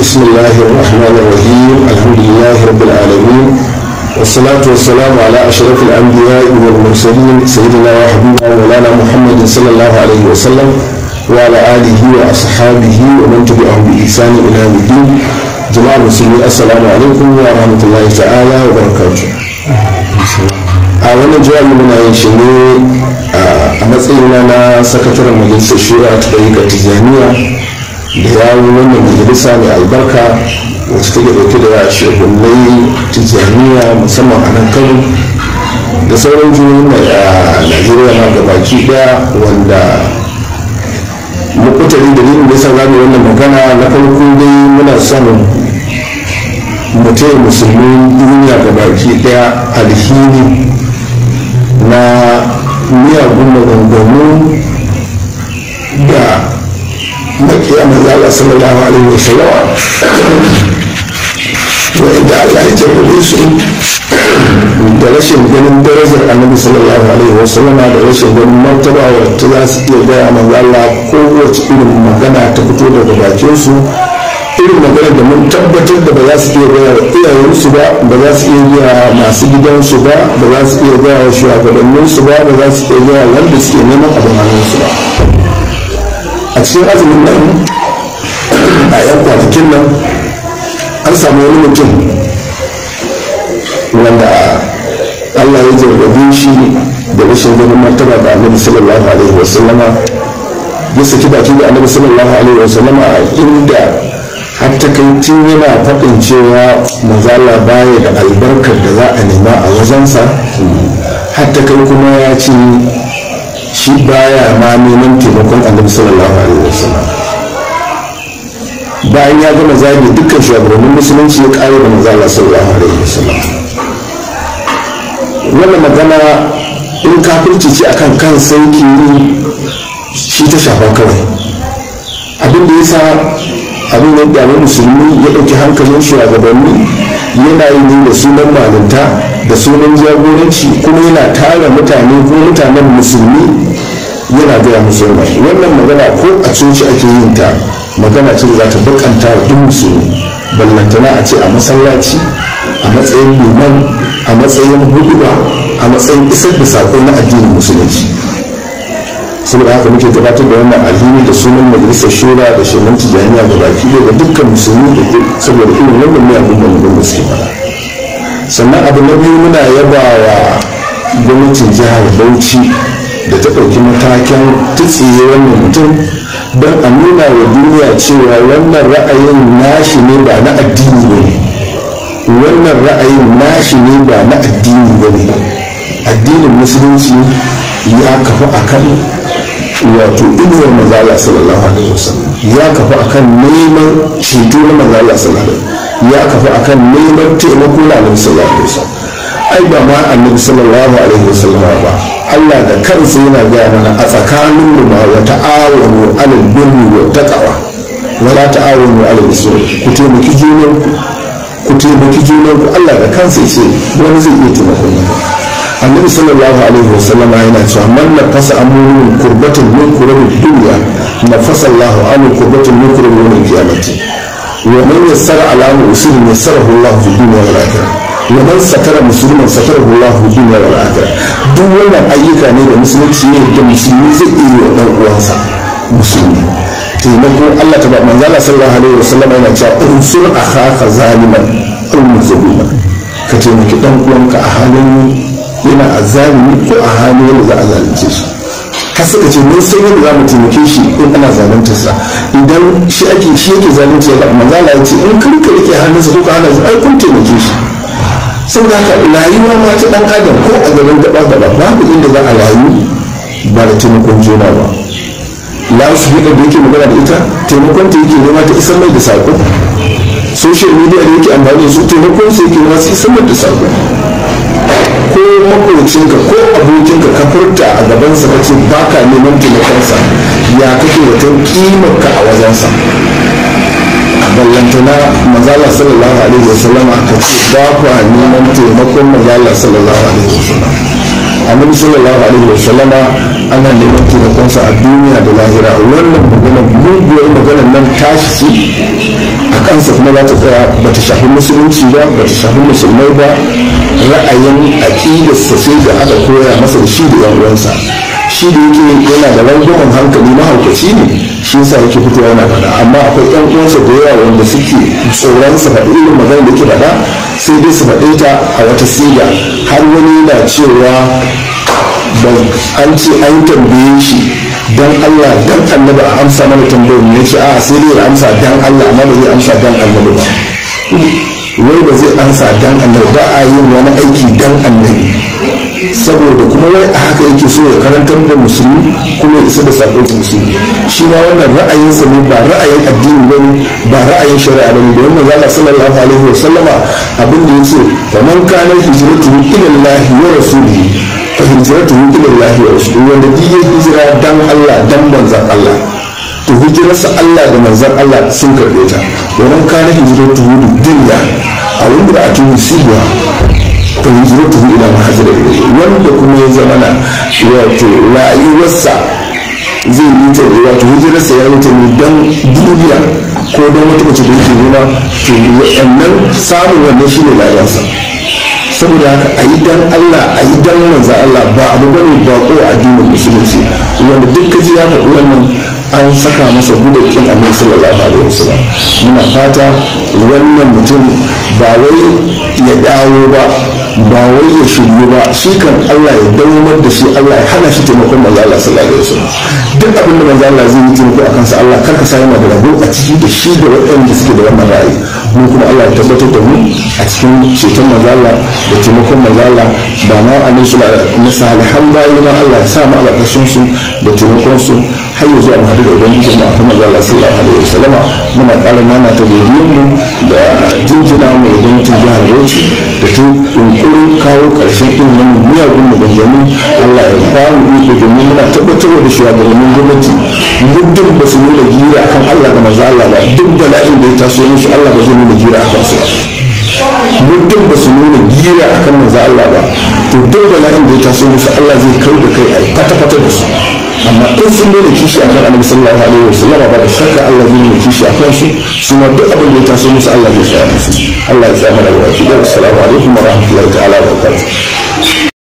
بسم الله الرحمن الرحيم الحمد لله رب العالمين والصلاة والسلام على أشرف الأنبياء والمرسلين سيدنا وحبيبنا مولانا محمد صلى الله عليه وسلم وعلى آله وأصحابه ومن تبعهم بإحسان إلى يوم الدين جماعة المسلمين السلام عليكم ورحمة الله تعالى وبركاته a wannan jiya muna yin shi ne a matsayina na sakataren majalisar shura ta ɗaukar tijjaniya da yi wannan majalisa mai albarka wacce take dauke da shehunai tijjaniya musamman a nan kano da sauran jihohin a najeriya ma gabaki daya wanda mukutari da yin nisa za wannan magana na farko dai muna son mutum musulmin duniya gabaki daya alhini na miyagun maganganu makiya manzo Allah sallallahu alaihi wa wanda Allah ya jarrabe su da rashin ganin darajar annabi sallallahu alaihi wa sallama da rashin ganin martaba ta za su iya gaya manzo Allah kowace irin magana ta fito daga bakin su irin magana da mun tabbatar da ba za su iya gaya wa su ba ba za su iya gaya masu su ba ba za su iya gaya wa su ba ba za su iya gaya wanda suke neman abin hannun a cikin azumin nan a yan kwanakin nan an samu wani mutum wanda allah ya jarrabe shi da rashin ganin martaba da annabi sallallahu alaihi wasallama ya saki baki da annabi sallallahu alaihi wasallama a inda har kai tun yana faɗin cewa mazala baya da albarkar da za a nema a wajensa har kai kuma ya ce shi baya ma neman taimakon annabi sallallahu alaihi wasallam bayan ya gama zagi dukkan shugabannin musulunci ya kare da manzo Allah sallallahu alaihi wasallam wannan magana in kafirci ce akan kan sanki shi ta shafa kawai abin da yasa abin da ya musulmi ya ɗauki hankalin shugabanni yana yi ne da sunan malinta da sunan jagoranci kuma yana tara mutane ko mutanen musulmi yana gaya musu wannan magana ko a coci ake yin ta magana ce za ta bakanta duk musulmi ballantana a ce a masallaci a matsayin liman a matsayin huduba a matsayin isar da saƙo na addinin musulunci da haka muke gabatar da wannan alhini da sunan majalisar shura da shirin tijaniya da baki da dukkan musulmi da saboda irin wannan miyagun bangon da suke ba. sannan abu na biyu muna yaba wa gwamnatin jihar bauchi da ta ɗauki matakin tutsiye wannan mutum don a nuna wa duniya cewa wannan ra'ayin nashi ne ba na addini ba ne wannan ra'ayin nashi ne ba na addini ba ne addinin musulunci ya kafa a kan wato inuwar mazala sallallahu alaihi wasallam ya kafa akan neman ceto na mazala sallallahu alaihi ya kafa akan neman taimako na alaihi sallallahu alaihi wasallam ai ba ma annabi sallallahu alaihi wasallam ba Allah da kansa yana gaya mana a tsakanin mu ba wa ta'awunu alal birri wa taqwa wa la ta'awunu alal ismi ku taimaki junan ku ku taimaki junan Allah da kansa yace wani zai iya taimako ku annabi sallallahu alaihi wasallam yana cewa man nafasa amrun kurbatun min kurabil dunya nafasa Allah an kurbatun min kurabil yawmil qiyamati wa man yassara ala usul yassarahu Allah fi dunya wal akhirah wa man satara musliman satarahu Allah fi dunya wal akhirah duk wannan ayyuka ne da musulunci ne da musulmi zai iya wa dan uwansa musulmi taimako Allah ta ba manzala sallallahu alaihi wasallam yana cewa unsur akhaka zaliman al ka taimaki dan uwanka a halin yana a zalimi ko a hali wanda za a zalunce shi ka da ce mun san yadda za mu taimake shi in ana zalunta sa idan shi ake shi yake zalunci ba amma za ya ce in kun rike hannunsa ko ka hana shi ai kun taimake shi saboda haka rayuwa ma ta dan adam ko a gaban gaba gaba babu inda za a rayu ba da taimakon juna ba la su da yake magana da ita taimakon ta yake nema ta isar mai da sako social media da yake amfani da su taimakon su yake nema su isar mai da sako ko makocinka ko abokinka ka furta a gabansa ka ce ba ka neman taimakonsa ya kake wajen kimarka a wajensa a ballantana mazala sallallahu alaihi wasallama ka ce ba ku neman taimakon mazala sallallahu alaihi wasallama annabi sallallahu alaihi wa sallam ana neman taimakonsa a duniya da lahira wannan magana muguwar magana nan ta shi a kansa kuma za ta tsaya ba ta shafi musulunci ba ba ta shafi musulmai ba ra'ayin aƙidarsa sai da aka koya masa shi da yan uwansa shi da yake yana da rangwamen hankali mahaukaci ne shi yasa yake fito yana fada amma akwai yan uwansa da yawa wanda suke tsoron sa da irin magana da yake fada sai dai su faɗe ta a wata siga har wani yana cewa ban an ce an tambaye shi dan Allah dan annabi a amsa mana tambayar ne ce a sai dai amsa dan Allah amma ba zai amsa dan annabi ba wai ba zai amsa dan annabi ba a yin wani aiki dan annabi saboda kuma wai a haka yake so ya karantar da musulmi kuma ya isa da sakon musulmi shi ma wannan ra'ayin sa ne ba ra'ayin addini ba ne ba ra'ayin shari'a ba ne da wannan zaka sallallahu alaihi wa sallama abin da yake fa man kana hijratuhu ila Allah wa rasulihi fa hijratuhu ila Allah wa rasulihi wanda duk ya hijira dan Allah dan manzon Allah to hijirarsa Allah da manzon Allah sun karbe ta wa kana hijratuhu ila dunya a wanda a tuni sibuwa ta hijiratu ila mahajira wanda kuma ya zama na wato rayuwarsa zai yi ta wato hijirarsa ya wuce ne don duniya ko don wata mace da yake nema to wa'annan samun wanda shi ne rayuwarsa saboda haka a yi dan Allah a yi dan manzan Allah ba abu bane ba a addinin musulunci wanda duk kaji ya faɗi wannan an saka masa gudun kin annabi sallallahu alaihi wasallam muna fata wannan mutum ba wai ya dawo ba ba wai ya shirye ba shi kan Allah ya dawamar da shi Allah ya hana shi taimakon manzo Allah sallallahu alaihi wasallam duk abin da manzo Allah zai yi taimako akan sa Allah karka sa yana da rabo a ciki da shi da waɗanda suke da wannan ra'ayi mu kuma Allah ya tabbatar da mu a cikin ceton mazala da taimakon mazala ba na annabi sallallahu alaihi na salihan bayan Allah ya sa mu alƙashin su da taimakon su har yanzu a hadu da ubangiji mu kuma mazala sallallahu alaihi wasallam muna ƙara nana ta godiyar mu da jinjina mu da gwamnatin jihar Bauchi da ta yunkurin kawo ƙarshen irin wannan miyagun maganganu Allah ya ba mu iko domin muna tabbatar da shugabannin gwamnati muddin ba su nuna gira kan Allah da mazala ba duk la'in da ya taso musu Allah ba zai nuna gira a kansu mutum ba su nuna gira a kan manzo Allah ba to duk da la'in da ya taso musu Allah zai kai da kai a fata-fata da su amma in sun nuna kishi kan annabi sallallahu alaihi sallam ba da shakka Allah zai nuna kishi akan su su ma duk abin da ya taso musu Allah zai tsaya musu Allah ya tsaya mana gaba assalamu alaikum wa rahmatullahi ta'ala wa barakatuh